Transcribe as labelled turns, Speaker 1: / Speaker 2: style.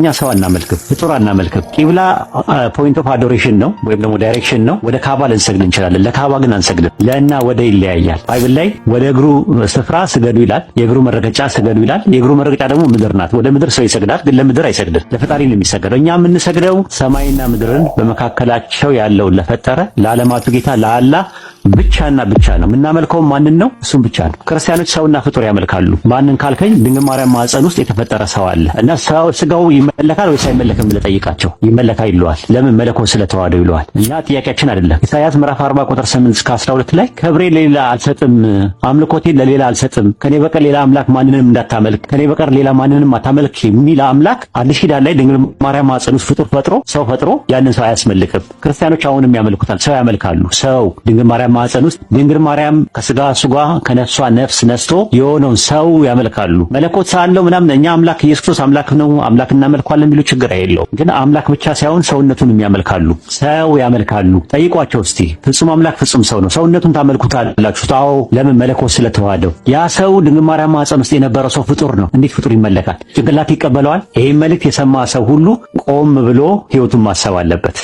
Speaker 1: እኛ ሰው አናመልክም፣ ፍጡር አናመልክም። ቂብላ ፖይንት ኦፍ አዶሬሽን ነው ወይም ደግሞ ዳይሬክሽን ነው። ወደ ካባ ልንሰግድ እንችላለን፣ ለካባ ግን አንሰግድም። ለእና ወደ ይለያያል። ባይብል ላይ ወደ እግሩ ስፍራ ስገዱ ይላል፣ የእግሩ መረገጫ ስገዱ ይላል። የእግሩ መረገጫ ደግሞ ምድር ናት። ወደ ምድር ሰው ይሰግዳል፣ ግን ለምድር አይሰግድም፣ ለፈጣሪ ነው የሚሰገደው። እኛ የምንሰግደው ሰማይና ምድርን በመካከላቸው ያለውን ለፈጠረ ለዓለማቱ ጌታ ለአላህ ብቻና ብቻ ነው። የምናመልከው ማንን ነው? እሱም ብቻ ነው። ክርስቲያኖች ሰውና ፍጡር ያመልካሉ። ማንን ካልከኝ ድንግል ማርያም ማህፀን ውስጥ የተፈጠረ ሰው አለ እና ስጋው ይመለካል ወይስ አይመለክም ብለህ ጠይቃቸው። ይመለካ ይለዋል። ለምን መለኮ ስለተዋደው ይለዋል። እና ጥያቄያችን አይደለም። ኢሳያስ ምዕራፍ 40 ቁጥር 8 እስከ 12 ላይ ክብሬ ለሌላ አልሰጥም፣ አምልኮቴን ለሌላ አልሰጥም፣ ከኔ በቀር ሌላ አምላክ ማንንም እንዳታመልክ፣ ከኔ በቀር ሌላ ማንንም አታመልክ የሚል አምላክ አዲስ ኪዳን ላይ ድንግል ማርያም ማህፀን ውስጥ ፍጡር ፈጥሮ ሰው ፈጥሮ ያንን ሰው አያስመልክም። ክርስቲያኖች አሁንም ያመልኩታል። ሰው ያመልካሉ። ሰው ድንግል ማርያም ማፀን ውስጥ ድንግል ማርያም ከስጋ ስጓ ከነፍሷ ነፍስ ነስቶ የሆነውን ሰው ያመልካሉ። መለኮት ሳለው ምናምን እኛ አምላክ ኢየሱስ ክርስቶስ አምላክ ነው አምላክ እናመልኳለን ቢሉ ችግር የለው። ግን አምላክ ብቻ ሳይሆን ሰውነቱንም ያመልካሉ፣ ሰው ያመልካሉ። ጠይቋቸው እስቲ ፍጹም አምላክ ፍጹም ሰው ነው። ሰውነቱን ታመልኩታላችሁ። ታው ለምን መለኮት ስለተዋደው። ያ ሰው ድንግል ማርያም ማህፀን ውስጥ የነበረው ሰው ፍጡር ነው። እንዴት ፍጡር ይመለካል? ጭንቅላት ይቀበለዋል? ይህ መልእክት የሰማ ሰው ሁሉ ቆም ብሎ ህይወቱን ማሰብ አለበት።